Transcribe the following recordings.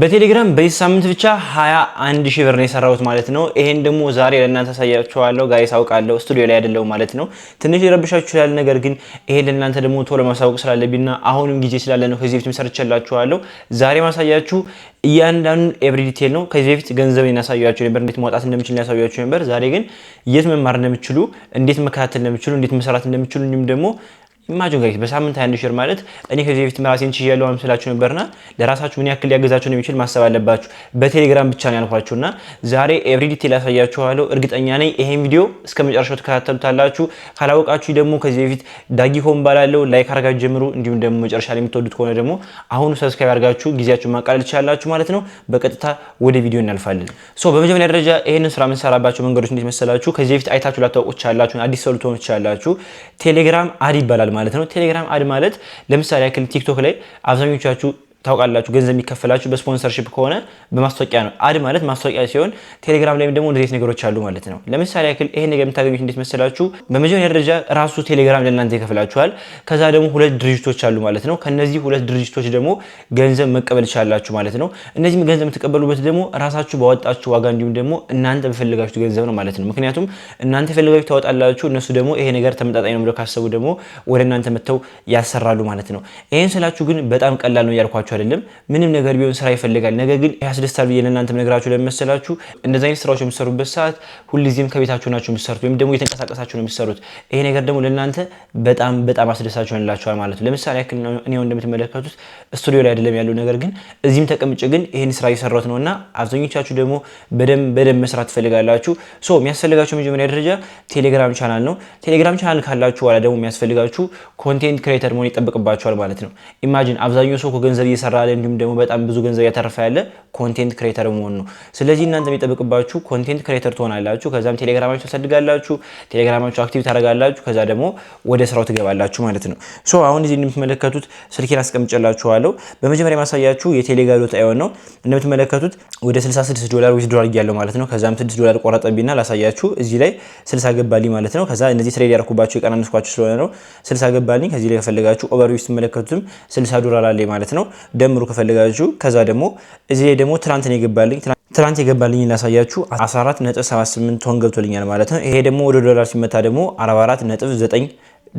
በቴሌግራም በዚህ ሳምንት ብቻ 21 ሺህ ብር ነው የሰራሁት ማለት ነው። ይሄን ደግሞ ዛሬ ለእናንተ አሳያችኋለሁ። ጋይስ አውቃለሁ ስቱዲዮ ላይ አይደለሁም ማለት ነው። ትንሽ ሊረብሻችሁ ይችላል። ነገር ግን ይሄን ለእናንተ ደግሞ ቶሎ ማሳወቅ ስላለብኝና አሁንም ጊዜ ስላለ ነው ከዚህ በፊት ሰርቼላችኋለሁ። ዛሬ ማሳያችሁ እያንዳንዱ ኤቭሪ ዲቴል ነው። ከዚህ በፊት ገንዘብ ያሳያችሁ ነበር፣ እንዴት ማውጣት እንደምችል ያሳያችሁ ነበር። ዛሬ ግን የት መማር እንደምችሉ፣ እንዴት መከታተል እንደምችሉ፣ እንዴት መሰራት እንደምችሉ እንዲሁም ደግሞ ኢማጂን ጋይስ በሳምንት አንድ ሺህ ማለት እኔ ከዚህ በፊት ራሴን ችዬ ያለው አምስላችሁ ነበርና ለራሳችሁ ምን ያክል ሊያገዛችሁ እንደሚችል ማሰብ አለባችሁ። በቴሌግራም ብቻ ነው ያልኳችሁና ዛሬ ኤቭሪ ዲቴል ያሳያችኋለሁ። እርግጠኛ ነኝ ይሄን ቪዲዮ እስከ መጨረሻው ተከታተሉታላችሁ። ካላወቃችሁ ደግሞ ከዚህ በፊት ዳጊ ሆን ባላለው ላይክ አርጋችሁ ጀምሩ። እንዲሁም ደግሞ መጨረሻ ላይ የምትወዱት ከሆነ ደግሞ አሁኑ ሰብስክራይብ አርጋችሁ ጊዜያችሁ ማቃለል ትችላላችሁ ማለት ነው። በቀጥታ ወደ ቪዲዮ እናልፋለን። ሶ በመጀመሪያ ደረጃ ይሄንን ስራ የምንሰራባቸው መንገዶች እንዴት መሰላችሁ? ከዚህ በፊት አይታችሁ ላታውቁ ትችላላችሁ። አዲስ ሰው ልትሆኑ ትችላላችሁ። ቴሌግራም አድ ይባላል ማለት ነው። ቴሌግራም አድ ማለት ለምሳሌ ያክል ቲክቶክ ላይ አብዛኞቻችሁ ታውቃላችሁ ገንዘብ የሚከፈላችሁ በስፖንሰርሽፕ ከሆነ በማስታወቂያ ነው። አድ ማለት ማስታወቂያ ሲሆን ቴሌግራም ላይም ደግሞ እንደዚህ ነገሮች አሉ ማለት ነው። ለምሳሌ ያክል ይሄን ነገር የምታገኙት እንዴት መሰላችሁ? በመጀመሪያ ደረጃ ራሱ ቴሌግራም ለእናንተ ይከፍላችኋል። ከዛ ደግሞ ሁለት ድርጅቶች አሉ ማለት ነው። ከነዚህ ሁለት ድርጅቶች ደግሞ ገንዘብ መቀበል ይችላላችሁ ማለት ነው። እነዚህም ገንዘብ የምትቀበሉበት ደግሞ ራሳችሁ ባወጣችሁ ዋጋ እንዲሁም ደግሞ እናንተ በፈልጋችሁ ገንዘብ ነው ማለት ነው። ምክንያቱም እናንተ የፈልጋችሁ ታወጣላችሁ፣ እነሱ ደግሞ ይሄ ነገር ተመጣጣኝ ነው ብለው ካሰቡ ደግሞ ወደ እናንተ መጥተው ያሰራሉ ማለት ነው። ይህን ስላችሁ ግን በጣም ቀላል ነው እያልኳችሁ እየጠየኳችሁ አይደለም። ምንም ነገር ቢሆን ስራ ይፈልጋል። ነገር ግን ያስደስታል ብዬ ለእናንተም ነገራችሁ ለመሰላችሁ እንደዚ አይነት ስራዎች የሚሰሩበት ሰዓት ሁልጊዜም ከቤታችሁ ናቸው የሚሰሩት ወይም ደግሞ እየተንቀሳቀሳችሁ ነው የሚሰሩት ይሄ ነገር ደግሞ ለእናንተ በጣም በጣም አስደሳች ይሆንላችኋል ማለት ነው። ለምሳሌ ያክል እኔ እንደምትመለከቱት ስቱዲዮ ላይ አይደለም ያለው ነገር ግን እዚህም ተቀምጬ ግን ይህን ስራ እየሰራሁት ነው እና አብዛኞቻችሁ ደግሞ በደንብ በደንብ መስራት ትፈልጋላችሁ። ሶ የሚያስፈልጋችሁ መጀመሪያ ደረጃ ቴሌግራም ቻናል ነው። ቴሌግራም ቻናል ካላችሁ በኋላ ደግሞ የሚያስፈልጋችሁ ኮንቴንት ክሬተር መሆን ይጠበቅባችኋል ማለት ነው። ኢማጂን አብዛኛው ሰው ከገንዘብ እየሰራ ያለ እንዲሁም ደግሞ በጣም ብዙ ገንዘብ እያተረፈ ያለ ኮንቴንት ክሬተር መሆን ነው። ስለዚህ እናንተ የሚጠብቅባችሁ ኮንቴንት ክሬተር ትሆናላችሁ። ከዛም ቴሌግራማችሁ ተሰድጋላችሁ፣ ቴሌግራማችሁ አክቲቭ ታደርጋላችሁ። ከዛ ደግሞ ወደ ስራው ትገባላችሁ ማለት ነው። ሶ አሁን እዚህ እንደምትመለከቱት ስልኬን አስቀምጨላችኋለሁ። በመጀመሪያ ማሳያችሁ የቴሌጋ ዶት አይሆን ነው። እንደምትመለከቱት ወደ 66 ዶላር ዶላር እያለው ማለት ነው። ከዛም 6 ዶላር ቆረጠብኝና ላሳያችሁ እዚህ ላይ 60 ገባልኝ ማለት ነው። ከዛ እነዚህ ትሬድ ያደረኩባቸው የቀናነስኳቸው ስለሆነ ነው 60 ገባልኝ። ከዚህ ላይ ከፈለጋችሁ ኦቨርቪው ስትመለከቱትም 60 ዶላር አለ ማለት ነው። ደምሩ ከፈለጋችሁ። ከዛ ደግሞ እዚህ ላይ ደግሞ ትናንት ነው የገባልኝ ትናንት የገባልኝ ላሳያችሁ 14.78 ቶን ገብቶልኛል ማለት ነው። ይሄ ደግሞ ወደ ዶላር ሲመታ ደግሞ 44.9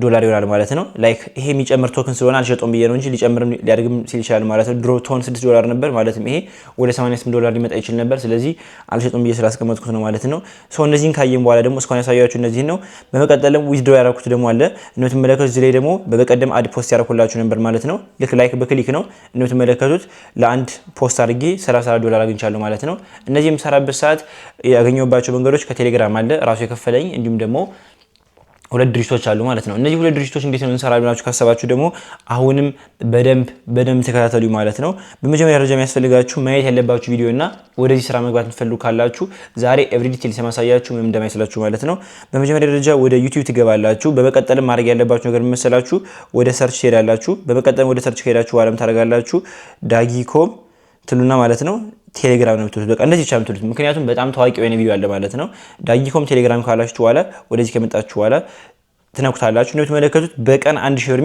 ዶላር ይሆናል ማለት ነው። ላይክ ይሄ የሚጨምር ቶክን ስለሆነ አልሸጠውም ብዬ ነው እንጂ ሊጨምር ሊያድግም ሲል ይችላል ማለት ነው። ድሮ ቶን 6 ዶላር ነበር ማለትም ይሄ ወደ 88 ዶላር ሊመጣ ይችል ነበር። ስለዚህ አልሸጠውም ብዬ ስላስቀመጥኩት ነው ማለት ነው። ሰው እነዚህን ካየም በኋላ ደግሞ እስካሁን ያሳያችሁ እነዚህን ነው። በመቀጠልም ዊዝድሮ ያደረኩት ደግሞ አለ እንደምትመለከቱት እዚህ ላይ ደግሞ በበቀደም አድ ፖስት ያደረኩላችሁ ነበር ማለት ነው። ልክ ላይክ በክሊክ ነው እንደምትመለከቱት ለአንድ ፖስት አድርጌ 34 ዶላር አግኝቻለሁ ማለት ነው። እነዚህ የምሰራበት ሰዓት ያገኘሁባቸው መንገዶች ከቴሌግራም አለ ራሱ የከፈለኝ እንዲሁም ደግሞ ሁለት ድርጅቶች አሉ ማለት ነው። እነዚህ ሁለት ድርጅቶች እንዴት ነው እንሰራ ብላችሁ ካሰባችሁ ደግሞ አሁንም በደንብ በደንብ ተከታተሉ ማለት ነው። በመጀመሪያ ደረጃ የሚያስፈልጋችሁ ማየት ያለባችሁ ቪዲዮ እና ወደዚህ ስራ መግባት የምትፈልጉ ካላችሁ ዛሬ ኤቭሪ ዲቴል ሰማሳያችሁ ምንም እንደማይስላችሁ ማለት ነው። በመጀመሪያ ደረጃ ወደ ዩቲዩብ ትገባላችሁ። በመቀጠልም ማድረግ ያለባችሁ ነገር የሚመስላችሁ ወደ ሰርች ትሄዳላችሁ። በመቀጠልም ወደ ሰርች ከሄዳችሁ በኋላም ታደርጋላችሁ ዳጊኮም ትሉና ማለት ነው ቴሌግራም ነው የምትወስዱ። በቃ እንደዚህ ብቻ የምትሉት ምክንያቱም በጣም ታዋቂ የሆነ ቪዲዮ ያለ ማለት ነው። ዳጊኮም ቴሌግራም ካላችሁ በኋላ ወደዚህ ከመጣችሁ በኋላ ትነኩታላችሁ ነው በቀን አንድ ሺህ ብር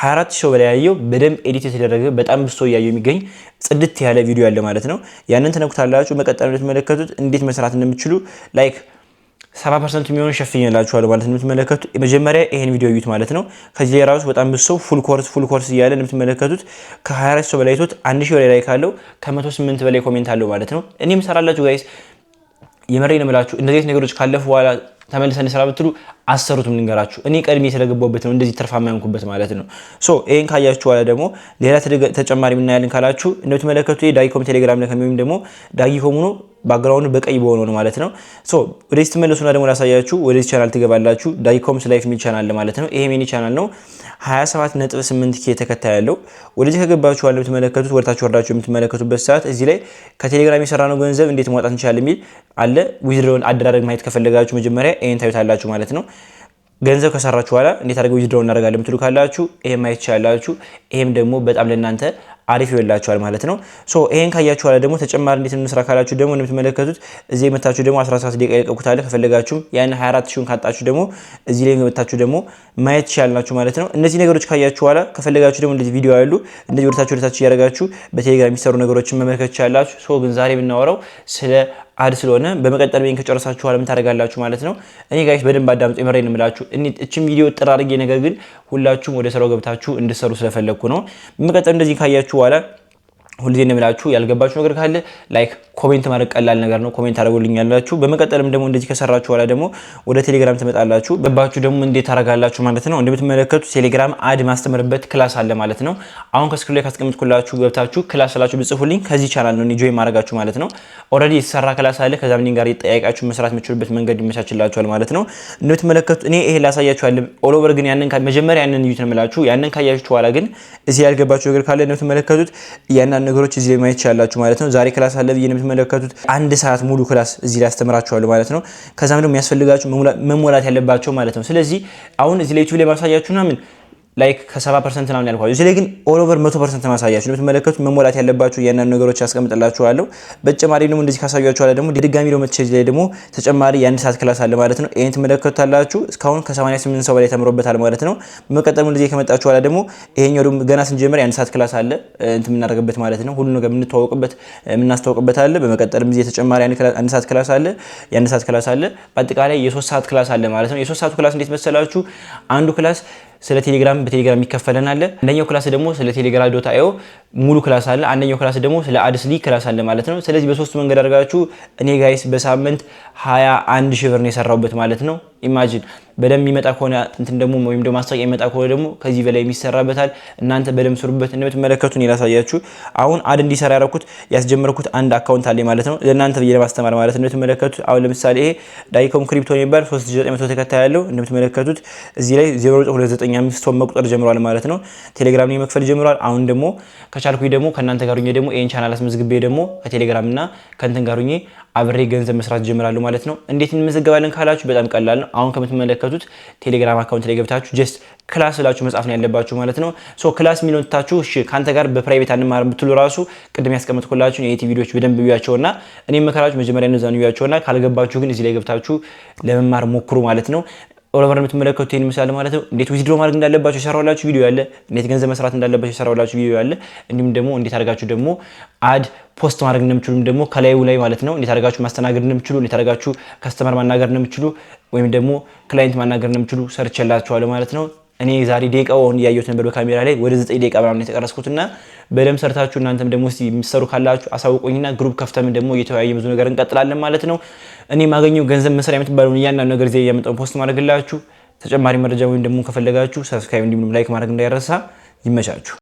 24 ሺህ በላይ ያየው በደንብ ኤዲት የተደረገ በጣም ብሶ እያየው የሚገኝ ጽድት ያለ ቪዲዮ ያለ ማለት ነው። ያንን ትነኩታላችሁ። መቀጠል ነው እንዴት መስራት እንደምችሉ ላይክ ሰባ ፐርሰንቱ የሚሆኑ ሸፍኝላችኋል ማለት ነው። የምትመለከቱት መጀመሪያ ይሄን ቪዲዮ እዩት ማለት ነው። ከዚህ ሌላ ውስጥ በጣም ብዙ ፉል ኮርስ ፉል ኮርስ እያለ የምትመለከቱት ከ24 ሰው በላይ ቶት 1000 በላይ ላይ ካለው ከ108 በላይ ኮሜንት አለው ማለት ነው። እኔም ሰራላችሁ ጋይስ የመሬ ነው የምላችሁ። እንደዚህ ነገሮች ካለፉ በኋላ ተመልሰን ስራ ብትሉ አሰሩት ምንገራችሁ እኔ ቀድሜ ስለገባሁበት ነው እንደዚህ ትርፋማ የሆንኩበት ማለት ነው። ሶ ይህን ካያችሁ በኋላ ደግሞ ሌላ ተጨማሪ የምናያለን ካላችሁ እንደምትመለከቱ ዳጊ ኮም ቴሌግራም ላይ ከሚወይም ደግሞ ዳጊ ኮም ሆኖ ባክግራውንድ በቀይ በሆነው ነው ማለት ነው። ሶ ወደዚህ ትመለሱና ደግሞ ላሳያችሁ፣ ወደዚህ ቻናል ትገባላችሁ። ዳይኮምስ ላይፍ የሚል ቻናል ማለት ነው። ይሄ ሚኒ ቻናል ነው 27.8 ኬ ተከታይ ያለው። ወደዚህ ከገባችሁ ዋለ የምትመለከቱት ወደታችሁ ወርዳችሁ የምትመለከቱበት ሰዓት እዚህ ላይ ከቴሌግራም የሰራነው ገንዘብ እንዴት ማውጣት እንችላለን የሚል አለ። ዊዝድሮውን አደራረግ ማየት ከፈለጋችሁ መጀመሪያ ይህን ታዩታላችሁ ማለት ነው። ገንዘብ ከሰራችሁ በኋላ እንዴት አድርገው ዊዝድሮው እናደርጋለን የምትሉ ካላችሁ ይሄም ማየት ይችላላችሁ። ይሄም ደግሞ በጣም ለእናንተ አሪፍ ይወላችኋል ማለት ነው። ሶ ይሄን ካያችሁ ኋላ ደግሞ ተጨማሪ እንዴት እንስራ ካላችሁ ደግሞ እንደምትመለከቱት እዚህ የመታችሁ ደግሞ 17 ደቂቃ የለቀኩት አለ። ከፈለጋችሁም ያን 24 ሺውን ካጣችሁ ደግሞ እዚህ ላይ የመታችሁ ደግሞ ማየት ትችላላችሁ ማለት ነው። እነዚህ ነገሮች ካያችሁ ኋላ ከፈለጋችሁ ደግሞ እንደዚህ ቪዲዮ ያሉ እንደዚህ ወደታችሁ ወደታችሁ እያደረጋችሁ በቴሌግራም የሚሰሩ ነገሮችን መመልከት ትችላላችሁ። ሶ ግን ዛሬ የምናወራው ስለ አድ ስለሆነ በመቀጠል ቤን ከጨረሳችሁ ኋላ ምን ታደርጋላችሁ ማለት ነው። እኔ ጋይስ በደንብ አዳምጡ፣ የምሬን እምላችሁ እችም ቪዲዮ ጥር አድርጌ ነገር ግን ሁላችሁም ወደ ስራው ገብታችሁ እንድሰሩ ስለፈለግኩ ነው። በመቀጠል እንደዚህ ካያችሁ voilà ሁልጊዜ እንደምላችሁ ያልገባችሁ ነገር ካለ ላይክ ኮሜንት ማድረግ ቀላል ነገር ነው። ኮሜንት አድርጉልኝ ያላችሁ። በመቀጠልም ደግሞ እንደዚህ ከሰራችሁ በኋላ ደግሞ ወደ ቴሌግራም ትመጣላችሁ። በባችሁ ደግሞ እንዴት ታደርጋላችሁ ማለት ነው። እንደምትመለከቱ ቴሌግራም አድ ማስተምርበት ክላስ አለ ማለት ነው። አሁን ከስክሪን ላይ ካስቀምጥኩላችሁ ገብታችሁ ክላስ ስላችሁ ብጽፉልኝ ከዚህ ቻናል ነው ጆይን ማድረጋችሁ ማለት ነው። ኦልሬዲ የተሰራ ክላስ አለ። ከዛ ምን ጋር እየጠያያቃችሁ መስራት የምችሉበት መንገድ ይመቻችላችኋል ማለት ነው። እንደምትመለከቱት እኔ ይሄ ላሳያችሁ አለ ኦል ግን ያንን መጀመሪያ ያንን እዩት ነው የምላችሁ። ያንን ካያችሁ በኋላ ግን እዚህ ያልገባችሁ ነገር ካለ እንደምትመለከቱት እያንዳንዱ ነገሮች እዚህ ላይ ማየት ይችላላችሁ ማለት ነው። ዛሬ ክላስ አለ ብዬ የምትመለከቱት አንድ ሰዓት ሙሉ ክላስ እዚህ ላይ አስተምራችኋለሁ ማለት ነው። ከዛም ደግሞ የሚያስፈልጋችሁ መሞላት ያለባቸው ማለት ነው። ስለዚህ አሁን እዚህ ላይ ዩቲዩብ ላይ ማሳያችሁና ምን ላይክ ከ ከሰባ ፐርሰንት ምናምን ያልኳቸው እዚህ ላይ ግን ኦሎቨር 100 ፐርሰንት ማሳያችሁ የምትመለከቱት መሞላት ያለባችሁ እያንዳንዱ ነገሮች ያስቀምጥላችኋለሁ። በተጨማሪ ደግሞ እንደዚህ ካሳያችኋለሁ ደግሞ ድጋሚ ደግሞ መቼ ላይ ደግሞ ተጨማሪ የአንድ ሰዓት ክላስ አለ ማለት ነው። ይህን ትመለከቱታላችሁ። እስካሁን ከ88 ሰው በላይ ተምሮበታል ማለት ነው። በመቀጠል እንደዚህ ከመጣችሁ በኋላ ደግሞ ይሄኛው ደግሞ ገና ስንጀምር የአንድ ሰዓት ክላስ አለ እንትን የምናደርግበት ማለት ነው። ሁሉ ነገር የምንተዋወቅበት የምናስተዋውቅበት አለ። በመቀጠልም እንደዚህ ተጨማሪ አንድ ሰዓት ክላስ አለ፣ የአንድ ሰዓት ክላስ አለ። በአጠቃላይ የሶስት ሰዓት ክላስ አለ ማለት ነው። የሶስት ሰዓቱ ክላስ እንዴት መሰላችሁ? አንዱ ክላስ ስለ ቴሌግራም በቴሌግራም የሚከፈለን አለ። አንደኛው ክላስ ደግሞ ስለ ቴሌግራም ዶታ አዮ ሙሉ ክላስ አለ። አንደኛው ክላስ ደግሞ ስለ አድስሊ ክላስ አለ ማለት ነው። ስለዚህ በሶስቱ መንገድ አድርጋችሁ እኔ ጋይስ በሳምንት 21 ሺህ ብር ነው የሰራሁበት ማለት ነው። ኢማጂን በደም የሚመጣ ከሆነ እንትን ደግሞ ወይም ደግሞ ማስታወቂያ የሚመጣ ከሆነ ደግሞ ከዚህ በላይ የሚሰራበታል። እናንተ በደም ስሩበት። እንደምትመለከቱት እኔ ላሳያችሁ። አሁን አድ እንዲሰራ ያረኩት ያስጀመርኩት አንድ አካውንት አለ ማለት ነው፣ ለእናንተ ብዬ ለማስተማር ማለት እንደምትመለከቱት። አሁን ለምሳሌ ይሄ ዳይኮም ክሪፕቶ የሚባል 3900 ተከታይ ያለው እንደምትመለከቱት እዚህ ላይ 0295 ቶን መቁጠር ጀምሯል ማለት ነው። ቴሌግራም ላይ መክፈል ጀምሯል። አሁን ደግሞ ከቻልኩኝ ደግሞ ከእናንተ ጋር ሁኜ ደግሞ ይህን ቻናል አስመዝግቤ ደግሞ ከቴሌግራም እና ከእንትን ጋር ሁኜ አብሬ ገንዘብ መስራት ጀምራሉ ማለት ነው። እንዴት እንመዘገባለን ካላችሁ በጣም ቀላል ነው። አሁን ከምትመለከቱት ቴሌግራም አካውንት ላይ ገብታችሁ ጀስት ክላስ ብላችሁ መጻፍ ነው ያለባችሁ ማለት ነው። ሶ ክላስ የሚለውን ታችሁ እሺ ከአንተ ጋር በፕራይቬት አንማር ብትሉ ራሱ ቅድም ያስቀመጥኩላችሁን የኢቲ ቪዲዮዎች በደንብ ብያቸውና እኔ መከራችሁ መጀመሪያ እነዛን ብያቸውና ካልገባችሁ ግን እዚህ ላይ ገብታችሁ ለመማር ሞክሩ ማለት ነው። ኦሎቨር የምትመለከቱት ይህን ይመስላል ማለት ነው። እንዴት ዊዝድሮ ማድረግ እንዳለባቸው የሰራሁላችሁ ቪዲዮ ያለ፣ እንዴት ገንዘብ መስራት እንዳለባቸው የሰራሁላችሁ ቪዲዮ ያለ፣ እንዲሁም ደግሞ እንዴት አድርጋችሁ ደግሞ አድ ፖስት ማድረግ እንደምችሉ ደግሞ ከላዩ ላይ ማለት ነው እንዴት አድርጋችሁ ማስተናገድ እንደምችሉ፣ እንዴት አድርጋችሁ ከስተመር ማናገር እንደምችሉ፣ ወይም ደግሞ ክላይንት ማናገር እንደምችሉ ሰርቼላችኋለሁ ማለት ነው። እኔ ዛሬ ደቂቃውን ያየሁት ነበር በካሜራ ላይ ወደ ዘጠኝ ደቂቃ ምናምን የተቀረስኩትና በደንብ ሰርታችሁ እናንተም ደግሞ እስኪ የሚሰሩ ካላችሁ አሳውቁኝና ግሩፕ ከፍተምን ደግሞ እየተወያየ ብዙ ነገር እንቀጥላለን ማለት ነው። እኔ የማገኘው ገንዘብ መስሪያ የምትባለውን እያንዳንዱ ነገር ዜ እያመጣሁ ፖስት ማድረግላችሁ። ተጨማሪ መረጃ ወይም ደግሞ ከፈለጋችሁ ሰብስክራይብ እንዲሁም ላይክ ማድረግ እንዳይረሳ። ይመቻችሁ።